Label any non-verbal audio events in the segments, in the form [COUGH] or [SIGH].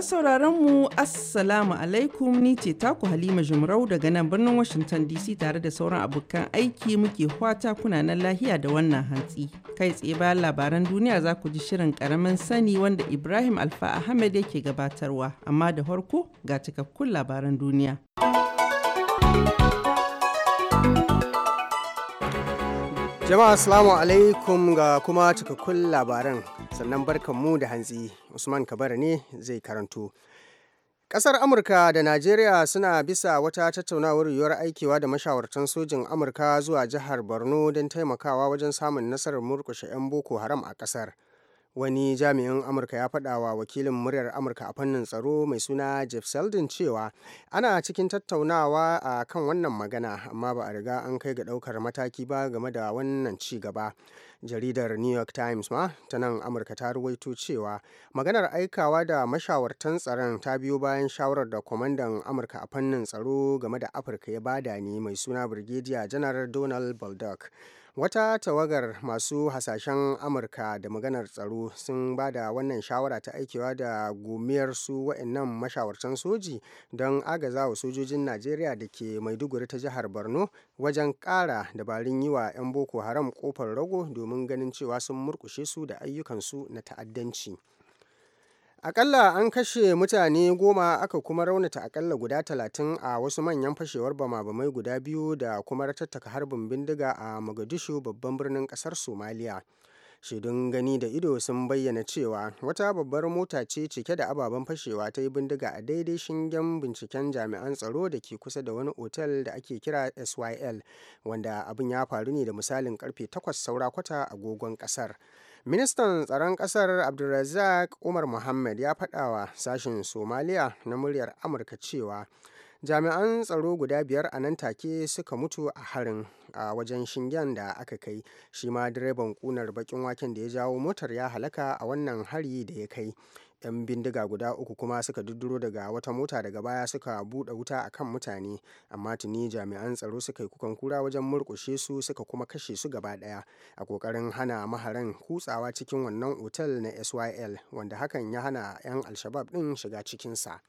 sauraron mu Assalamu alaikum ni ce taku Halima Jumrau daga nan birnin Washington DC tare da sauran abokan aiki muke kwata kuna nan lahiya da wannan hantsi. Kai tsaye bayan labaran duniya za ku ji shirin karamin sani wanda Ibrahim Alfa Ahmed yake gabatarwa amma da farko ga cikakkun labaran duniya. Jama'a Assalamu alaikum ga kuma cikakkun labaran sannan barkan mu da hantsi Usman Kabara ne zai karanto. Kasar Amurka da Najeriya suna bisa wata tattaunawar yiwuwar aikewa da mashawartan sojin Amurka zuwa jihar Borno don taimakawa wajen samun nasarar murkushe 'yan Boko Haram a kasar. wani jami'in amurka ya faɗa wa wakilin muryar amurka a fannin tsaro mai suna jeff seldon cewa ana cikin tattaunawa a kan wannan magana amma ba a riga an kai ga ɗaukar mataki ba game da wannan ci gaba jaridar new york times ma ta nan amurka ta ruwaito cewa maganar aikawa da mashawartan tsaron ta biyo bayan shawarar da kwamandan amurka a fannin tsaro game da afirka ya bada ne mai suna brigadier general donald baldock wata tawagar masu hasashen amurka da maganar tsaro sun ba da wannan shawara ta aikewa da gumiyar su wa'annan mashawartan soji don agaza wa sojojin najeriya da ke maiduguri ta jihar borno wajen ƙara dabarun yi wa 'yan boko haram kofar rago domin ganin cewa sun murkushe su da ayyukansu na ta'addanci Akalla an kashe mutane goma aka kuma raunata akalla guda talatin a wasu manyan fashewar bama-bamai guda biyu da kuma ratattaka harbin bindiga a magadishu babban birnin kasar Somaliya. Shaidun gani da ido sun bayyana cewa wata babbar mota ce cike da ababen fashewa ta yi bindiga a daidai shingen binciken jami'an tsaro da ke kusa da wani otel da ake kira SYL wanda abin ya faru ne da misalin karfe 8 saura kwata agogon kasar. Ministan tsaron ƙasar Abdulrazak Umar Mohammed ya wa sashen Somaliya na muryar Amurka cewa jami'an tsaro guda biyar a nan take suka mutu a harin a wajen shingen da aka kai shi ma direban kunar bakin waken da ya jawo motar ya halaka a wannan hari da ya kai 'yan bindiga guda uku kuma suka duduro daga wata mota daga baya suka buɗe wuta a kan mutane amma tuni jami'an tsaro suka yi kukan kura wajen murkushe su suka kuma kashe su gaba ɗaya a ƙoƙarin hana maharan kutsawa cikin wannan otal na syl wanda hakan ya hana 'yan alshabab ɗin shiga cikinsa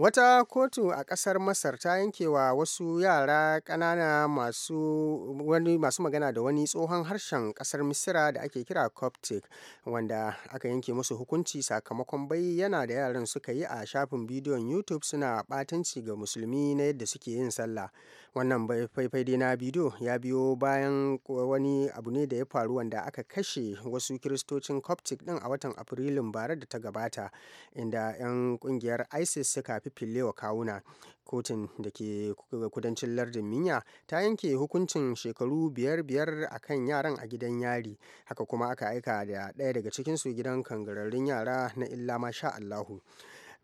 Wata kotu a ƙasar Masar ta yanke wa wasu yara kanana masu, masu magana da wani tsohon harshen ƙasar Misira da ake kira Coptic wanda aka yanke musu hukunci sakamakon bayyana da yaran suka yi a shafin bidiyon YouTube suna ɓatanci ga musulmi na yadda suke yin sallah. wannan faifai dai na bidiyo ya biyo bayan wani abu ne da ya faru wanda aka kashe wasu kiristocin coptic din a watan afrilun bara da ta gabata inda 'yan kungiyar isis suka fifillewa kawuna kotun da ke kudancin lardin minya ta yanke hukuncin shekaru biyar biyar a kan yaran a gidan yari haka kuma aka aika da ɗaya daga cikinsu gidan kangararrun yara na illa masha allahu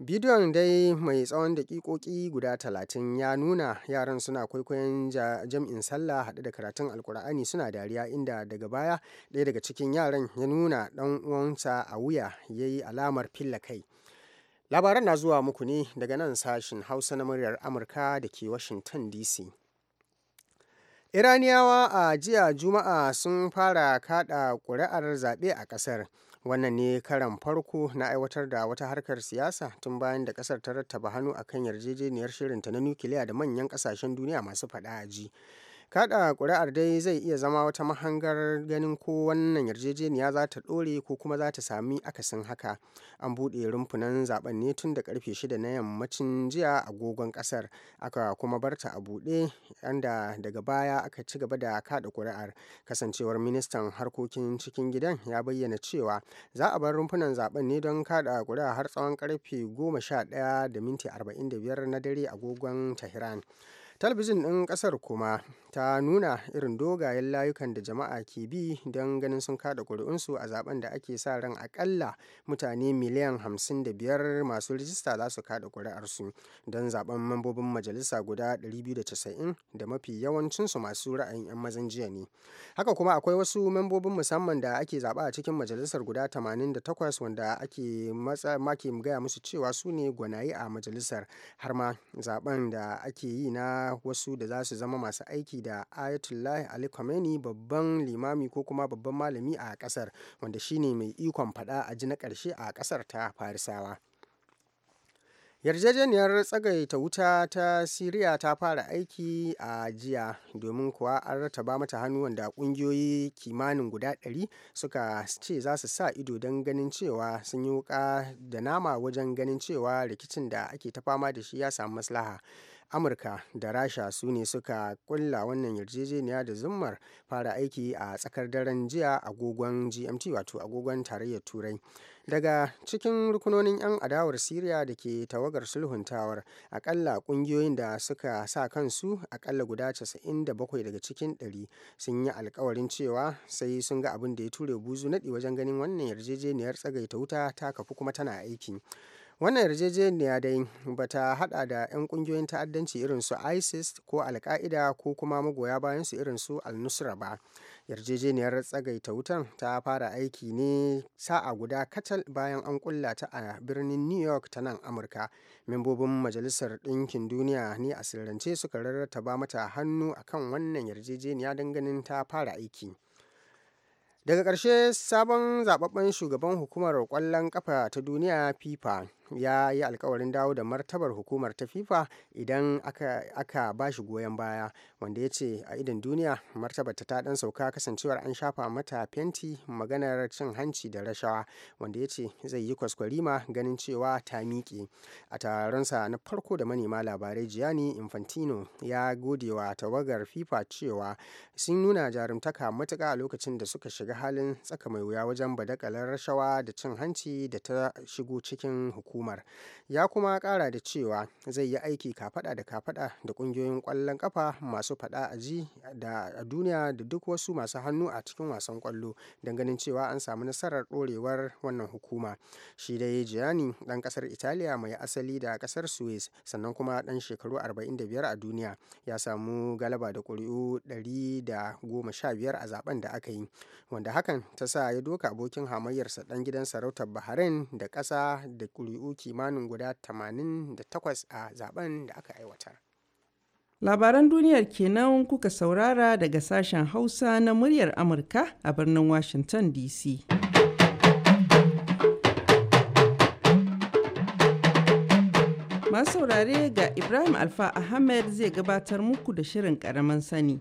Bidiyon dai mai tsawon daƙiƙoƙi guda talatin ya nuna yaran suna kwaikwayon jam'in sallah haɗe da karatun alkur'ani suna dariya inda daga baya ɗaya daga cikin yaran ya nuna ɗan uwansa a wuya ya yi alamar filla kai. Labaran na zuwa muku ne daga nan sashin Hausa na muryar Amurka da ke Washington DC. Iraniyawa a jiya Juma'a sun fara kaɗa ƙuri'ar zaɓe a ƙasar. wannan ne karan farko na aiwatar da wata harkar siyasa tun bayan da kasar ta rattaba hannu akan yarjejeniyar shirinta na nukiliya da manyan kasashen duniya masu faɗa a Kaɗa ƙuri'ar dai zai iya zama wata mahangar ganin ko wannan yarjejeniya za ta ɗore ko kuma za ta sami akasin haka. An buɗe rumfunan zaben ne tun da karfe shida na yammacin jiya agogon ƙasar, aka kuma barta a buɗe yanda daga baya aka ci gaba da kaɗa kuri'ar Kasancewar ministan harkokin cikin gidan ya bayyana cewa za a bar rumfunan zaben ne don kaɗa ƙuri'a har tsawon ƙarfe ɗaya da minti biyar na dare agogon Tehran. talabijin ɗin ƙasar kuma ta nuna irin dogayen layukan da jama'a ke bi don ganin sun kada ƙuri'unsu a zaben da ake sa ran akalla mutane miliyan 55 masu rijista za su kada ƙuri'arsu don zaben mambobin majalisa guda 290 da mafi yawancinsu masu ra'ayin 'yan mazan jiya ne haka kuma akwai wasu mambobin musamman da ake zaɓa a cikin majalisar guda 88 wanda ake maki gaya musu cewa su ne gwanaye a majalisar har ma zaben da ake yi na wasu da za su zama masu aiki da Ayatollah Ali Khamenei babban limami ko kuma babban malami a kasar wanda shine mai ikon faɗa a ji na ƙarshe a kasar ta Farisawa. yarjejeniyar tsagaita wuta ta siriya ta fara aiki a jiya domin kuwa an rataba mata hannu wanda kungiyoyi kimanin guda 100 suka ce za su sa ido don ganin cewa sun yi wuka da nama wajen ganin cewa rikicin da ake ta fama da shi ya samu maslaha amurka da rasha su ne suka kulla wannan yarjejeniya da zummar fara aiki a tsakar daren jiya agogon gmt wato agogon tarayyar turai daga cikin rukunonin 'yan adawar syria da ke tawagar sulhuntawar akalla kungiyoyin da suka sa kansu akalla guda 97 daga cikin 100 sun yi alkawarin cewa sai sun ga abin da ya ture buzu nadi wajen ganin wannan yarjejeniyar tsagaita wuta ta kafu kuma tana aiki wannan yarjejeniya dai bata ta hada da 'yan kungiyoyin ta'addanci irin su isis ko alka'ida ko kuma magoya bayan su irin su al-nusra ba yarjejeniyar tsagaita wutan ta fara aiki ne sa'a guda katal bayan an kulla ta a birnin new york ta nan amurka membobin majalisar ɗinkin duniya ne a sirrance suka ba mata hannu akan wannan yarjejeniya don ganin ta fara aiki daga ƙarshe sabon zababben shugaban hukumar kwallon kafa ta duniya fifa ya yi alkawarin dawo da martabar hukumar ta fifa idan aka, aka ba shi goyon baya wanda ya ce a idan duniya martabar ta ta dan sauka kasancewar an shafa mata fenti maganar cin hanci da rashawa wanda ya ce zai yi kwaskwarima ganin cewa ta miƙe a taronsa na farko da manema labarai gianni infantino ya gode wa tawagar fifa cewa sun nuna jarumtaka matuka a lokacin da suka shiga halin tsaka mai wuya wajen badakalar rashawa da cin hanci da ta shigo cikin hukumar hukumar ya kuma kara da cewa zai yi aiki kafada da kafada da kungiyoyin kwallon kafa masu fada a ji da duniya da duk wasu masu hannu a cikin wasan kwallo don ganin cewa an samu nasarar dorewar wannan hukuma shi da dai jiyani dan kasar italiya mai asali da kasar suez sannan kuma dan shekaru 45 a duniya ya samu galaba da ƙuri'u 115 a zaben da aka yi wanda hakan ta sa ya doka abokin hamayyarsa dan gidan sarautar bahrain da ƙasa da ƙuri'u ƙuri'u kimanin guda 88 a zaben da aka aiwatar. Labaran duniyar kenan kuka saurara daga sashen Hausa na muryar Amurka a birnin Washington DC. Masu saurare ga Ibrahim Alfa Ahmed zai gabatar muku da shirin ƙaramin sani.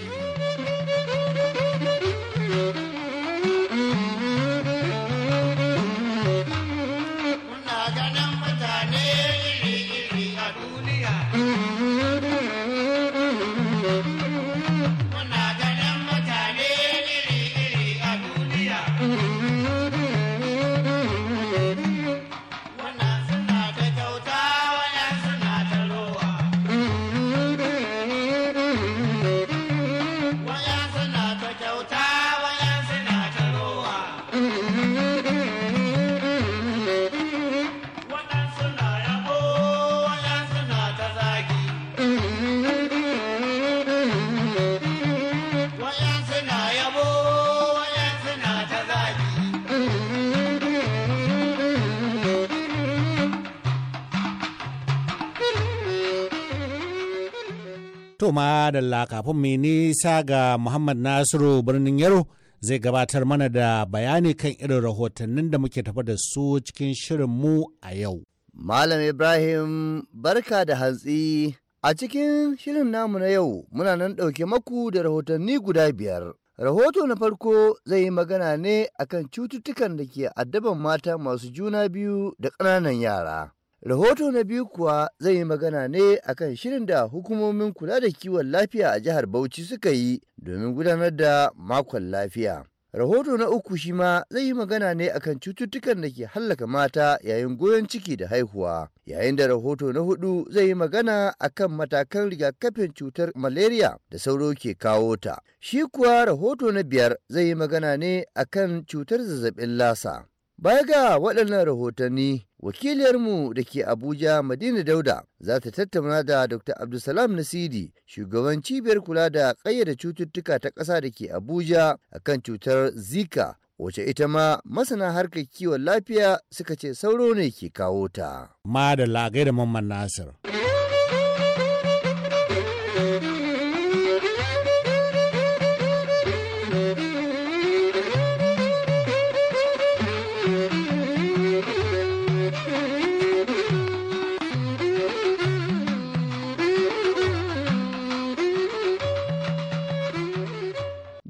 To ma da kafin mai nisa ga Muhammad Nasiru birnin Yaro zai gabatar mana da bayani kan irin rahotannin da muke tafa da su cikin shirin mu a yau. Malam Ibrahim barka da hantsi a cikin shirin namu na yau muna nan ɗauke maku da rahotanni guda biyar. Rahoto na farko zai yi magana ne akan cututtukan da ke addaban mata masu juna biyu da ƙananan yara. Rahoto na biyu kuwa zai yi magana ne akan shirin da hukumomin kula da kiwon lafiya a jihar Bauchi suka yi domin gudanar da makon lafiya. Rahoto na uku shi ma zai yi magana ne akan cututtukan da ke hallaka mata yayin goyon ciki da haihuwa, yayin da rahoto na hudu zai yi magana akan matakan rigakafin cutar malaria da sauro ke kawo ta. Shi kuwa rahoto na biyar zai yi magana ne akan cutar zazzabin lasa. Baya ga waɗannan rahotanni wakiliyarmu da ke abuja madina dauda za ta tattauna da dr abdulsalam nasidi shugaban cibiyar kula da kayyada cututtuka ta ƙasa da ke abuja akan cutar zika wace ita ma masana harkar kiwon lafiya suka ce sauro ne ke kawo ta. Ma da lagai da mamman Nasir.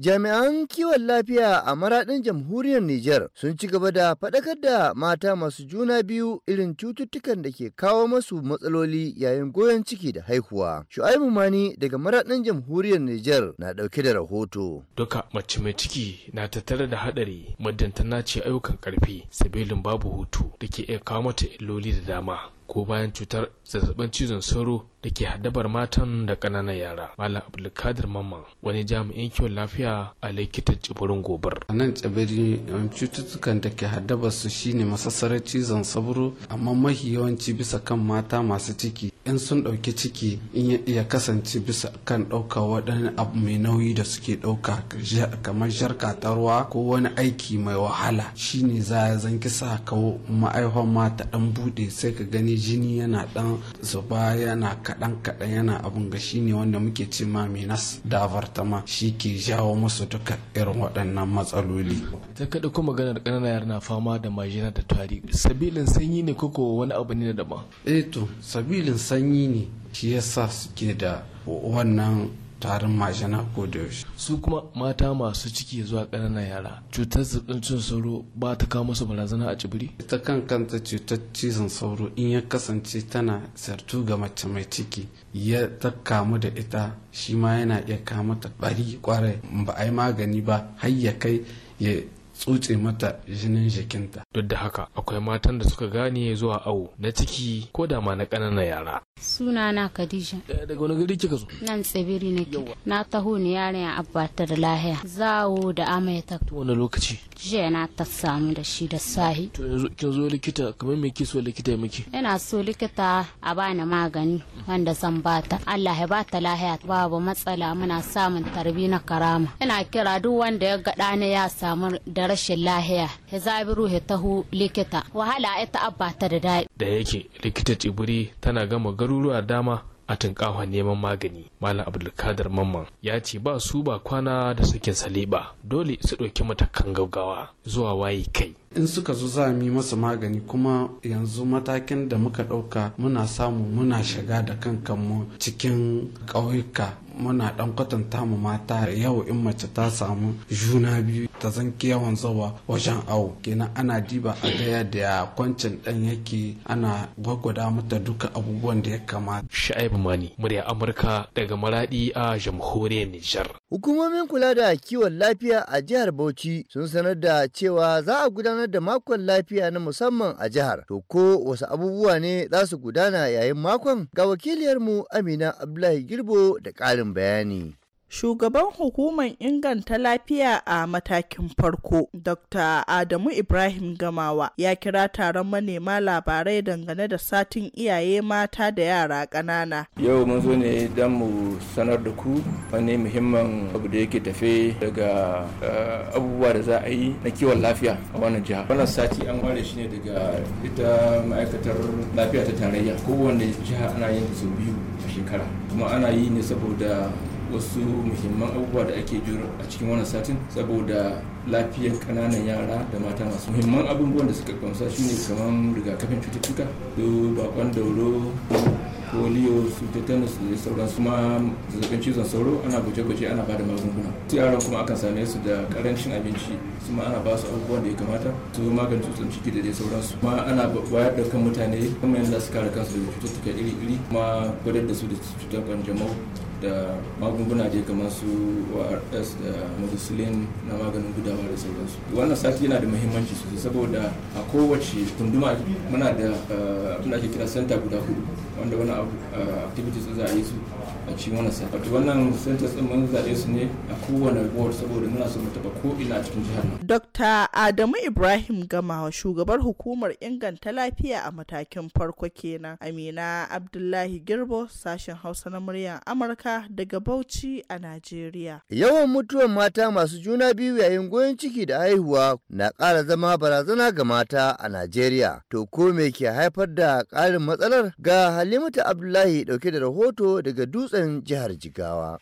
Jami'an kiwon lafiya a maraɗin jamhuriyar Nijar sun ci gaba da faɗakar da mata masu juna biyu irin cututtukan da ke kawo masu matsaloli yayin goyon ciki da haihuwa. Shu'aibu Mani daga maraɗin jamhuriyar Nijar na ɗauke da rahoto. Duka mace mai ciki na tattare da haɗari muddin ta ce ayyukan ƙarfi sabilin babu hutu da ke iya kawo mata illoli da dama. ko bayan cutar zazzabin cizon sauro da ke haddabar matan da ƙananan yara malam abdulkadir mamman wani jami'in kiwon lafiya a likitan tsibirin gobar a nan tsibiri cututtukan da ke haddabar su shine masassarar cizon sauro amma mahi yawanci bisa kan mata masu ciki in sun ɗauki ciki in ya kasance bisa kan ɗauka waɗannan abu mai nauyi da suke ɗauka kamar jarka ta ko wani aiki mai wahala shine za a zanki sa kawo ma'aihon mata ɗan buɗe sai ka gani jini yana dan zuba yana kaɗan kaɗan yana abun ga shine wanda muke ce ma minas davartama shi ke jawo musu duka irin waɗannan matsaloli. ta kaɗa ko maganar ƙananan yara na fama da majina da tari sabilin sanyi ne koko wani abu ne daban. eh to sabilin sanyi ne shi yasa suke da wannan tarin majina ko da yaushe. su kuma mata masu ciki zuwa ƙananan yara cutar zazzabin sauro ba ta kawo musu barazana a cibiri ita kan kanta cutar cizon sauro in ya kasance tana sartu ga mace mai ciki ya ta kamu da ita shi ma yana iya kamata bari kwarai ba a yi magani ba har ya kai ya tsotse mata jinin jikinta duk da haka akwai matan da suka gane zuwa awo na ciki ko da ma na ƙananan yara suna na khadija daga wani gari kika zo nan tsibiri ke na taho ni yaren abba ta da lahiya zawo da amai ta wani lokaci jiya na ta samu da shi da sahi to yanzu kin zo likita kamar me ke so likita ya miki ina so likita a bani magani wanda zan bata Allah ya bata lahiya babu matsala muna samun tarbi na karama ina kira duk wanda ya gaɗa ne ya samu da rashin lahiya ya zabi ruhe tahu likita wahala ya ta'abba ta da daɗi. da yake likita tsibiri tana gama garuruwa dama a tunkawa neman magani malam abdulkadir mamman ya ce ba su ba kwana da sakin saliba dole su ɗauki matakan gaggawa zuwa waye kai in suka zo za mu yi masa magani kuma yanzu matakin da muka ɗauka muna samu muna shiga da kankanmu cikin ƙauyuka muna dan kwatanta mu mata yau in mace ta samu juna biyu ta zan yawan zawa wajen awo kenan ana diba a gaya da kwancin dan yake ana gwagwada mata duka abubuwan da ya kamata sha'ibu mani murya amurka daga maradi a jamhuriyar nijar hukumomin kula da kiwon lafiya a jihar bauchi sun sanar da cewa za a gudanar da makon lafiya na musamman a jihar to ko wasu abubuwa ne za su gudana yayin makon ga wakiliyarmu amina abdullahi girbo da ƙarin Marambani. Shugaban hukumar inganta lafiya a matakin farko, Dr. Adamu Ibrahim Gamawa, ya kira taron manema labarai dangane da satin iyaye mata da yara ƙanana. Yau mun zo ne don mu sanar da ku wani muhimman abu da yake tafe daga eh, abubuwa da za a yi na kiwon lafiya a wannan jiha. Wannan sati an ware shi ne daga ita ma'aikatar lafiya ta tarayya. Kowane jiha ana yin sau biyu a shekara, kuma ana yi ne saboda wasu muhimman abubuwa da ake jiro a cikin wannan satin saboda lafiyar kananan yara da mata masu muhimman abubuwan da suka kamsa shine kamar rigakafin cututtuka da bakon dauro polio su tetanus da sauran su ma zazzabin cizon sauro ana gwaje-gwaje ana bada magunguna su yaran kuma akan same su da karancin abinci su ma ana ba su abubuwan da ya kamata su maganin tutsun ciki da dai sauran su ma ana wayar da kan mutane kuma yadda su kare kansu da cututtuka iri-iri kuma gwadar da su da cutar kanjamau da magunguna je kamar su ors da methicillin na maganin gudawa bugawa da sauransu wannan sati yana da muhimmanci sosai saboda a kowace tunduma muna da eh, abin da ake kira center guda hudu wanda wani eh, activities za a yi su a cikin wannan wato wannan centers din mun zaɓe su ne a kowane ward saboda muna so mu taba ko ina cikin jihar nan. Dr. Adamu Ibrahim Gamawa shugabar hukumar inganta lafiya a matakin farko kenan. Amina Abdullahi Girbo sashen Hausa na muryar Amurka daga Bauchi a Najeriya. Yawan mutuwar mata masu juna biyu yayin goyon ciki da haihuwa na ƙara zama barazana ga mata a Najeriya. To ko me ke haifar da ƙarin matsalar ga Halimatu Abdullahi dauke da rahoto daga dutse dutsen jihar Jigawa.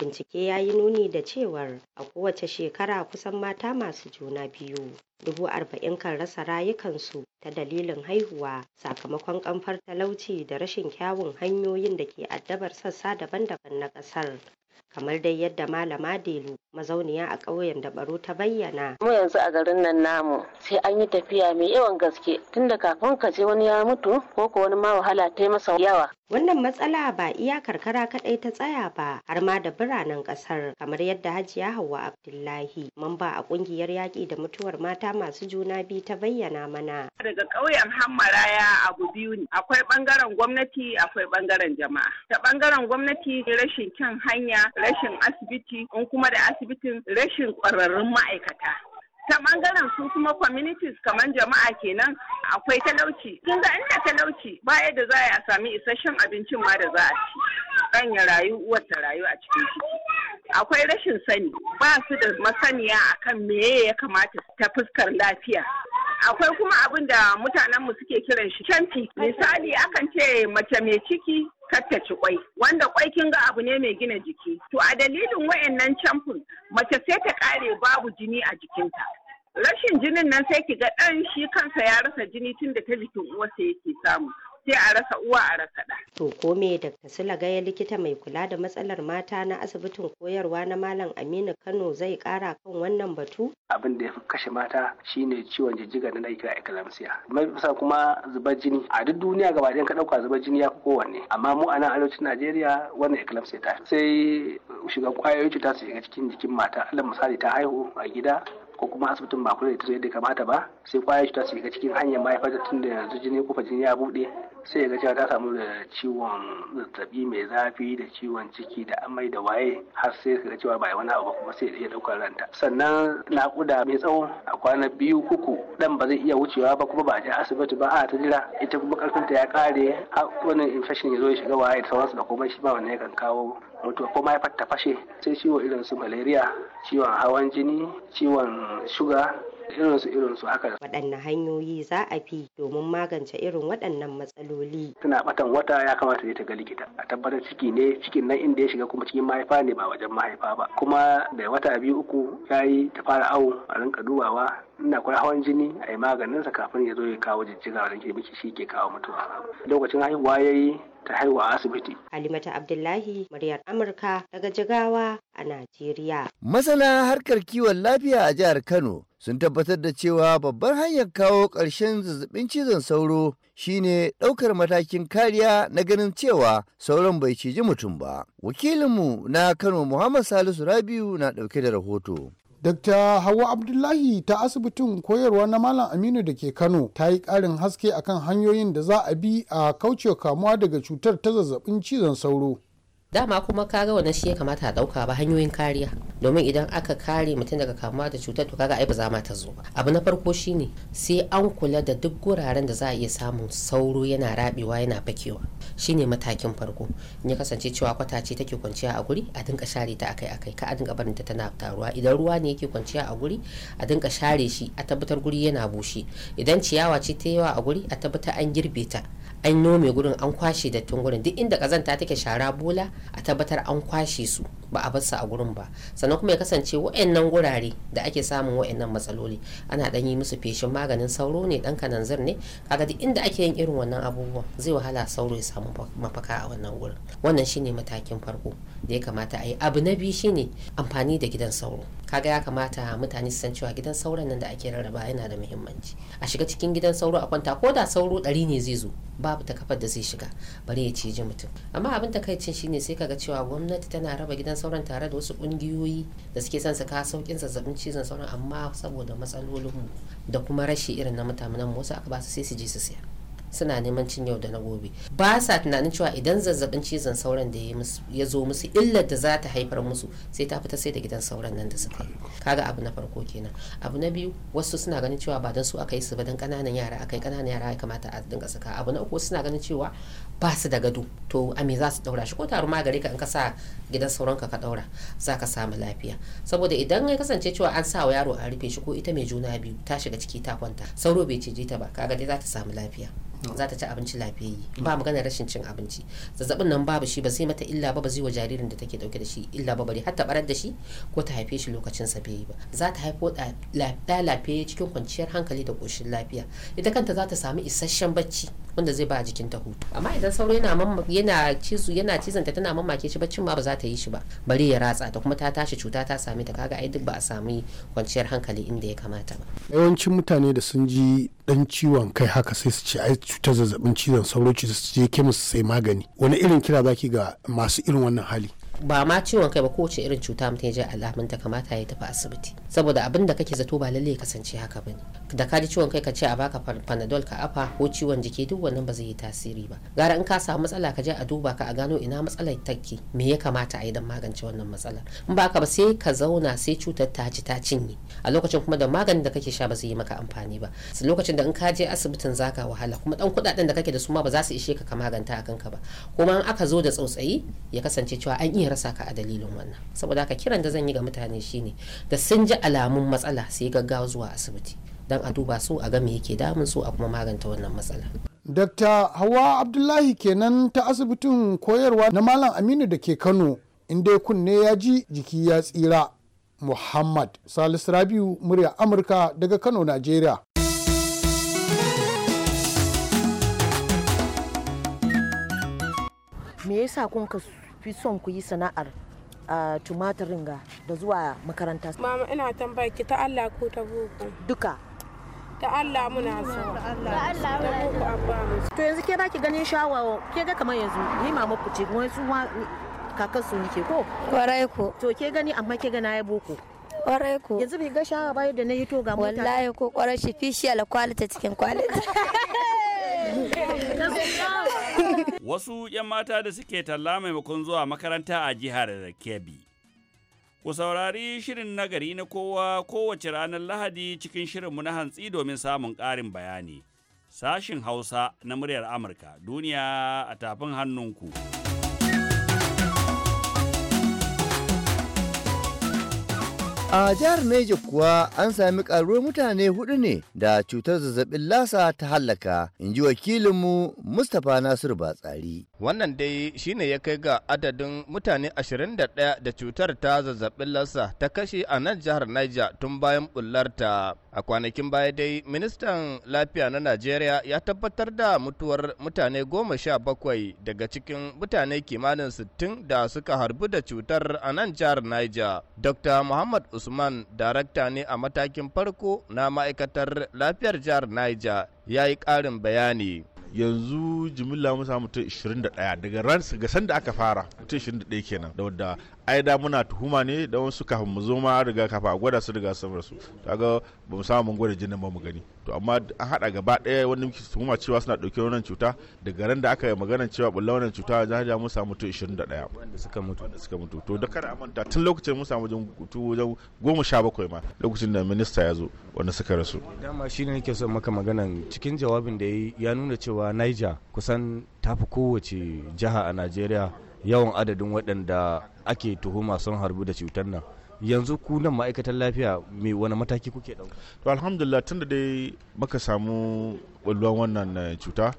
Bincike ya yi nuni da cewar a kowace shekara kusan mata masu juna biyu dubu arba'in kan rasa rayukansu ta dalilin haihuwa sakamakon kamfar talauci da rashin kyawun hanyoyin da ke addabar sassa daban-daban na ƙasar. kamar dai yadda malama Delu mazauniya a ƙauyen da baro ta bayyana. Mu yanzu a garin nan namu sai an yi tafiya mai yawan gaske tunda kafin ka je wani ya mutu ko ko wani ma wahala ta masa yawa. Wannan matsala ba iya karkara kaɗai ta tsaya ba har ma da biranen ƙasar kamar yadda Hajiya Hauwa Abdullahi mamba a ƙungiyar yaƙi da mutuwar mata masu juna biyu ta bayyana mana. Daga ƙauyen Hammaraya abu biyu ne akwai ɓangaren gwamnati akwai ɓangaren jama'a. Ta ɓangaren gwamnati rashin kyan hanya rashin asibiti in kuma da asibitin rashin ƙwararrun ma'aikata. ta bangaren su kuma communities kamar jama'a kenan akwai talauci kin ga inda talauci ba da za a sami isasshen abincin ma da za a ci ɗan ya rayu uwar ta rayu a cikin ciki akwai rashin sani ba su da masaniya akan meye ya kamata ta fuskar lafiya akwai kuma abin da mutanenmu suke kiran shi shanti misali akan ce mace mai ciki tattace kwai wanda kwai kin ga abu ne mai gina jiki to a dalilin wayannan camfin mace sai ta kare babu jini a jikinta rashin jinin nan sai ki ga ɗan shi kansa ya rasa jini tun da ta jikin uwarsa yake samu sai a rasa uwa a rasa ɗa. To ko me Dr. Sula Gaya likita mai kula da matsalar mata na asibitin koyarwa na Malam Aminu Kano zai ƙara kan wannan batu? Abin da ya fi kashe mata shine ciwon jijjiga na kira eclampsia. Mafisa kuma zubar jini a duk duniya gaba ɗaya ka ɗauka zubar jini ya fi kowanne amma mu a nan arewacin Najeriya wannan eclampsia ta sai shiga kwayoyin cuta su shiga cikin jikin mata. Allah misali ta haihu a gida ko kuma asibitin ba kula da ita yadda kamata ba sai kwayar cuta su shiga cikin hanyar mahaifarta tun da yanzu jini ko jini ya buɗe sai ya ga cewa ta samu da ciwon zazzabi mai zafi da ciwon ciki da amai da waye har sai ka ga cewa ba wani abu ba kuma sai ya ɗaukar ranta sannan naƙuda mai tsawo a kwana biyu uku dan ba zai iya wucewa ba kuma ba a je asibiti ba a ta jira ita kuma karfinta ya ƙare har wani infection ya zo ya shiga waye da sauransu da komai shi ba wannan yakan kawo mutuwa kuma ya fatta fashe sai ciwo irin su malaria ciwon hawan jini ciwon shuga irin su irin su haka. Waɗanne hanyoyi za a fi domin magance irin waɗannan matsaloli. Tana batan wata ya kamata ne ta ga likita a tabbatar ciki ne cikin nan inda ya shiga kuma cikin mahaifa ne ba wajen mahaifa ba kuma da wata biyu uku ya yi ta fara awo a rinka dubawa ina kwai hawan jini a yi maganinsa kafin ya zo ya kawo jijjiga wajen ke miki shi ke kawo mutuwa. Lokacin haihuwa ya yi ta haihuwa a asibiti. Halimata Abdullahi muryar Amurka daga Jigawa a Najeriya. Masana harkar kiwon lafiya a jihar Kano sun tabbatar da cewa babbar hanyar kawo ƙarshen zazzabin cizon sauro shine ɗaukar matakin kariya na ganin cewa sauran bai ciji mutum ba. Wakilinmu na Kano Muhammad Salisu Rabiu na ɗauke da rahoto. Dr. Hawa Abdullahi ta asibitin koyarwa na Malam Aminu da ke Kano ta yi ƙarin haske akan hanyoyin da za a bi a kaucewa kamuwa daga cutar ta zazzabin cizon sauro. dama kuma kaga wannan shi ya kamata a dauka ba hanyoyin kariya domin idan aka kare mutum daga kamuwa da cutar to kaga ai ba za ma ta zo ba abu na farko shine sai an kula da duk guraren da za a iya samun sauro yana rabewa yana fakewa shine matakin farko in ya kasance cewa kwata ce take kwanciya a guri a dinka share ta akai akai ka a dinka barin ta tana taruwa idan ruwa ne yake kwanciya a guri a dinka share shi a tabbatar guri yana bushe idan ciyawa ce ta yawa a guri a tabbatar an girbe ta an nome gurin an kwashe dattin gurin duk inda kazanta take shara bola a tabbatar an kwashe su ba a barsa a gurin ba sannan kuma ya kasance wa'annan gurare da ake samun wa'annan matsaloli ana dan yi musu feshin maganin sauro ne dan kananzir ne kaga duk inda ake yin irin wannan abubuwan zai wahala sauro ya samu mafaka a wannan gurin wannan shine matakin farko da ya kamata a yi abu na biyu shine amfani da gidan sauro kaga ya kamata mutane su san cewa gidan sauran nan da ake rarraba yana da muhimmanci a shiga cikin gidan sauro a kwanta ko da sauro ɗari ne zai zo babu ta kafar da zai shiga bari ya ciji mutum amma abin takaicin shine sai kaga cewa gwamnati tana raba gidan sauran tare da wasu ƙungiyoyi da suke son su kawo saukin zazzabin cizon sauran amma saboda matsalolinmu da kuma rashin irin na mutanen mu wasu aka ba su sai su je su siya suna neman cin yau da na gobe ba sa tunanin cewa idan zazzabin cizon sauran da ya zo musu illar da za ta haifar musu sai ta fita sai da gidan sauran nan da suka yi kaga abu na farko kenan abu na biyu wasu suna ganin cewa ba don su aka yi su ba don kananan yara aka yi kananan yara ya kamata a dinga saka abu na uku suna ganin cewa ba su da gado to a me za su daura shi ko taru magare ka in ka sa gidan sauran ka ka daura za ka samu lafiya saboda idan ya kasance cewa an sa wa yaro a rufe shi ko ita mai juna biyu ta shiga ciki ta kwanta sauro bai cije ta ba kaga dai za ta samu lafiya za ta ci abinci lafiyayi ba magana rashin cin abinci zazzabin nan babu shi ba zai mata illa ba ba zai wa jaririn da take dauke da shi illa ba bari har ta barar da shi ko ta haife shi lokacin sa bai ba za ta haifo da lafiyayi cikin kwanciyar hankali da koshin lafiya ita kanta za ta samu isasshen bacci wanda zai ba jikin ta hutu amma idan sauro yana yana cizo yana cizon ta tana mamake shi baccin ma ba za ta yi shi ba bari ya ratsa ta kuma ta tashi cuta ta same ta kaga ai duk ba a samu kwanciyar hankali inda ya kamata ba yawancin mutane da sun ji dan ciwon kai haka sai su ce ai cutar zazzabin cizon sauro ce su je kemis sai magani wani irin kira zaki ga masu irin wannan hali ba ma ciwon kai ba ko kowace irin cuta mutum ya ji alamun ta kamata ya tafi asibiti saboda abin da kake zato ba lalle ya kasance haka bane da ka ji ciwon kai ka ce a baka panadol ka afa ko ciwon jiki duk wannan ba zai yi tasiri ba gara in ka samu matsala ka je a duba ka a gano ina matsalar take me ya kamata a yi don magance wannan matsalar in ba ka ba sai ka zauna sai cutar ta ci ta cinye a lokacin kuma da maganin da kake sha ba zai yi maka amfani ba lokacin da in ka je asibitin zaka wahala kuma dan kudaden da kake da su ma ba za su ishe ka ka maganta a kanka ba kuma in aka zo da tsautsayi ya kasance cewa an iya iya rasa ka a dalilin wannan saboda haka kiran da zan yi ga mutane shine da sun ji alamun matsala sai gaggawa zuwa asibiti don a duba su a ga me yake damun su a kuma maganta wannan matsala Dr. Hawa Abdullahi kenan ta asibitin koyarwa na Malam Aminu da ke Kano inda kunne ya ji jiki ya tsira. Muhammad Salisu Rabiu murya Amurka daga Kano, Najeriya. Me yasa kun fi son ku yi sana'ar tumatirin ga da zuwa makaranta mama ina tambaya ki ta Allah ko ta boko duka ta Allah muna so ta Allah muna so abba to yanzu ke baki ganin shawawa ke ga kamar yanzu ni mama ku ce wani su kakan su nike ko Warai ko to ke gani amma ke na ya boko Warai ko yanzu bai ga shawawa bayan da na yi to ga mota wallahi ko kwarai shi fi shi ala kwalita cikin kwalita [LAUGHS] wasu 'yan mata da suke talla maimakon zuwa makaranta a jihar Kebbi. Ku saurari shirin nagari na kowa kowace ranar Lahadi cikin shirinmu na hantsi domin samun ƙarin bayani. Sashin Hausa na muryar Amurka, duniya a tafin hannunku. ku. A jihar Neja kuwa an sami karuwar mutane hudu ne da cutar zazzabin lasa ta hallaka, in ji wakilinmu Mustapha Nasiru Batsari. Wannan dai shine ya kai ga adadin mutane 21 da cutar ta zazzabin lasa ta kashe a nan jihar Neja tun bayan bullarta. A kwanakin baya dai ministan lafiya na Najeriya ya tabbatar da mutuwar mutane goma sha bakwai daga cikin mutane kimanin sittin da suka harbu da cutar a nan jihar Niger. Dr. Muhammad Usman darakta ne a matakin farko na ma'aikatar lafiyar jihar Niger ya yi ƙarin bayani. yanzu jimilla mun samu mutum 21 daga ran ga sanda aka fara mutum 21 kenan da wadda ai da muna tuhuma ne da wasu kafin mu zo ma riga kafa gwada su riga sun rasu ta ga ba mu samu gwada jinin ba mu gani to amma an hada gaba daya wani muke tuhuma cewa suna ɗauke wannan cuta daga ran da aka yi magana cewa bulla wannan cuta jaja mu samu mutum 21 wanda suka mutu wanda suka mutu to da a manta tun lokacin mu samu jin goma sha bakwai ma lokacin da minista ya zo wanda suka rasu dama shi ne nake son maka maganan cikin jawabin da ya nuna cewa Niger kusan tafi kowace jiha a Najeriya yawan adadin waɗanda ake tuhuma sun harbu da cutar nan yanzu ku nan ma'aikatan lafiya mai wani mataki kuke ɗauka to alhamdulillah da dai muka samu ƙwallon wannan eh, cuta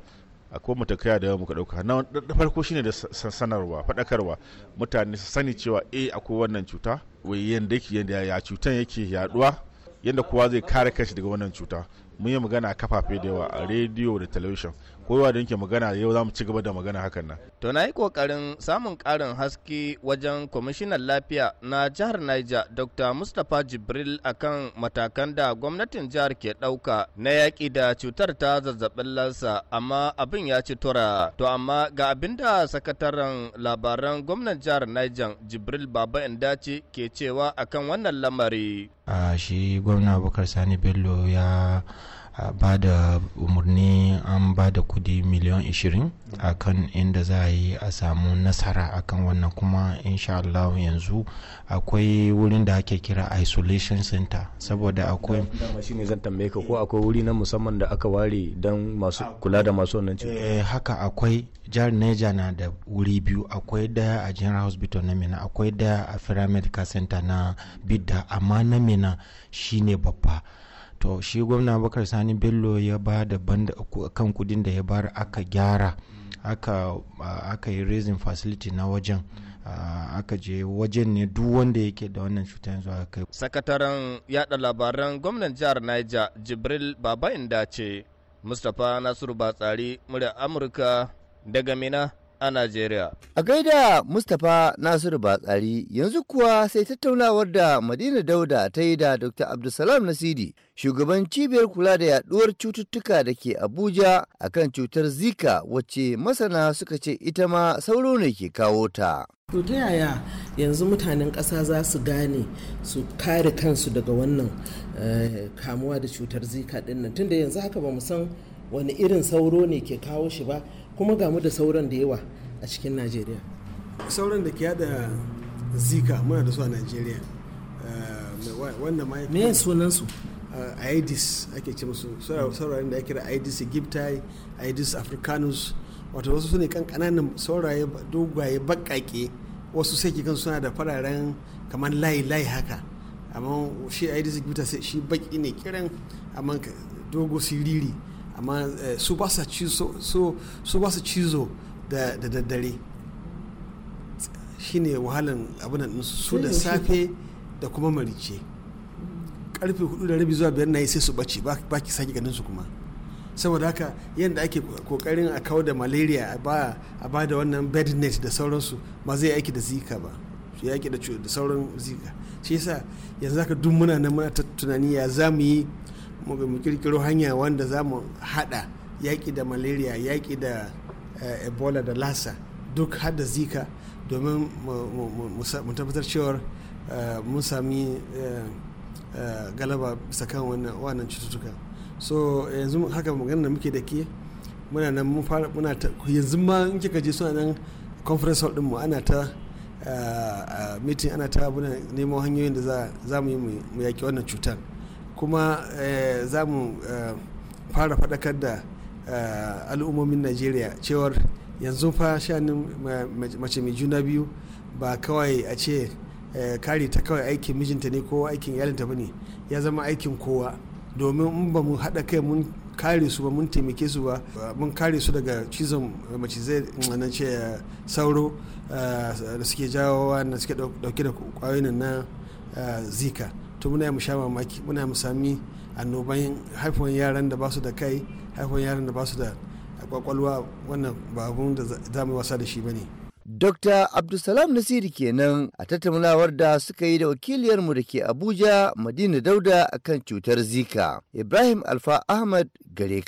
akwai matakai da yawa muka ɗauka na farko shine da sanarwa faɗakarwa mutane su sani cewa eh akwai wannan cuta wai yanda yake yanda ya cutan yake yaduwa yanda kowa zai kare kashi daga wannan cuta mun yi magana a kafafe da yawa a rediyo da talabijin. kowa da yake magana yau za mu ci gaba da magana hakan nan. To na yi kokarin samun karin haske wajen kwamishinan lafiya na jihar Niger Dr. Mustapha Jibril akan matakan da gwamnatin jihar ke ɗauka na yaƙi da cutar ta zazzabin lansa amma abin ya ci tura. To amma ga abin da sakataren labaran gwamnan jihar Niger Jibril Baba Indaci ke cewa akan wannan lamari. A shi gwamna Abubakar Sani Bello ya ba da umarni an ba da kudi miliyan 20 a kan inda za a yi a samu nasara a kan wannan kuma insha Allah yanzu akwai wurin da ake kira isolation center saboda akwai shi ne zan tambaye ka ko akwai wuri na musamman da aka ware don masu kula da masu wannan cuta eh, haka akwai jihar neja na da wuri biyu akwai daya a general hospital na mina akwai daya a medical center na bidda amma na mina shine babba to shi gwamna bakar sani bello ya ba da banda kan kudin da ya bar aka gyara aka, ah, aka yi raising facility na wajen ah, aka je wajen ne duk wanda yake da wannan cuta yanzu aka kai sakataren yada labaran gwamnan jihar niger jibril babayin dace mustapha nasiru batsari murya amurka daga mina a Najeriya. A gaida Mustapha Nasiru Batsari yanzu kuwa sai tattaunawar da Madina Dauda ta yi da Dr. Abdulsalam Nasidi, shugaban cibiyar kula da yaduwar cututtuka da ke Abuja akan cutar Zika wacce masana suka ce ita ma sauro ne ke kawo ta. To ta yaya yanzu mutanen ƙasa za su gane su kare kansu daga wannan eh, kamuwa da cutar Zika ɗinnan tunda yanzu haka ba san wani irin sauro ne ke kawo shi ba kuma gamu da sauran da yawa a cikin najeriya sauran da ke yada zika muna da su a najeriya eh, wanda ma me sunan su eh, aidis ake ce musu saurayen da ake da aidis egyptai aidis africanus wato wasu ne kan kananan sauraye dogaye bakake wasu sai kan suna da fararen kamar layi layi haka amma shi aidis egyptai shi baki ne kiran amma dogo siriri amma eh, su ba sa cizo da daddare shine wahalan abin su da safe da kuma marice karfe hudu da rabi zuwa biyar na yi sai su bace ba ki sake ganin su kuma saboda haka yadda ake kokarin a kawo da malaria a ba da wannan bed net da sauransu ba zai aiki da zika ba su yaki da sauran zika shi yasa yanzu haka duk muna nan muna ta tunani ya za mu yi mu kirkiro hanya wanda za mu haɗa yaƙi da malaria yaƙi da eh, ebola da lassa duk hada zika domin mu tabbatar cewar eh, mun sami eh, galaba bisa kan wannan cututtuka so yanzu haka magana da muke da ke muna nan mun fara muna ta yanzu ma in kika je suna nan conference hall dinmu ana ta meeting ana ta neman hanyoyin da za mu yi mu yaƙi wannan cutar kuma eh, za mu eh, fara faɗakar da eh, al'ummomin najeriya cewar yanzu fa shanin mace mai juna biyu ba kawai a ce kare ta kawai aikin mijinta ne ko aikin iyalinta ba ne ya zama aikin kowa domin in ba mu haɗa kai mun kare su ba mun taimake su ba mun kare su daga cizon macizai nan ce sauro da suke jawowa na suke dauke da kwayoyin na zika to muna yi sha mamaki muna yi sami annoban haifuwan yaran da ba su da kai haifuwan yaran da ba su da kwakwalwa wannan ba abun da za mu wasa da shi ba ne. dokta Abdulsalam Nasiri kenan a tattaunawar da suka yi da wakiliyarmu da ke Abuja Madina Dauda akan cutar Zika. Ibrahim Alfa Ahmad gare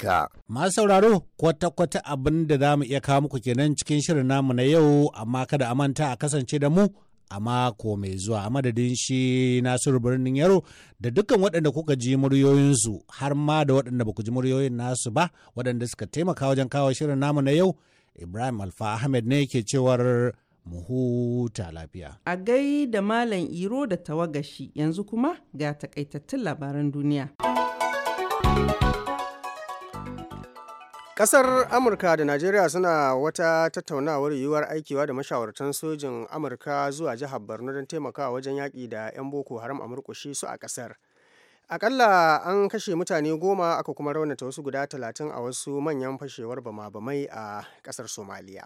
Masu sauraro kwata-kwata abin da za mu iya kawo muku kenan cikin shirin namu na yau amma kada a manta a kasance da mu a mako mai zuwa a madadin shi nasiru birnin yaro da dukkan waɗanda kuka ji muryoyinsu har ma da waɗanda ba ku ji muryoyin nasu ba waɗanda suka taimaka wajen kawo shirin namu na yau ibrahim alfa ahmed ne ke cewar mu huta lafiya a gai da malam iro da tawagashi yanzu kuma ga takaitattun labaran duniya Kasar Amurka da Najeriya suna wata tattaunawar yiwuwar aikiwa da mashawartan sojin Amurka zuwa jihar Borno don taimakawa wajen yaƙi da 'yan Boko Haram a murƙushe su a ƙasar. Akalla an kashe mutane goma aka kuma raunata wasu guda talatin a wasu manyan fashewar bama-bamai a ƙasar Somaliya.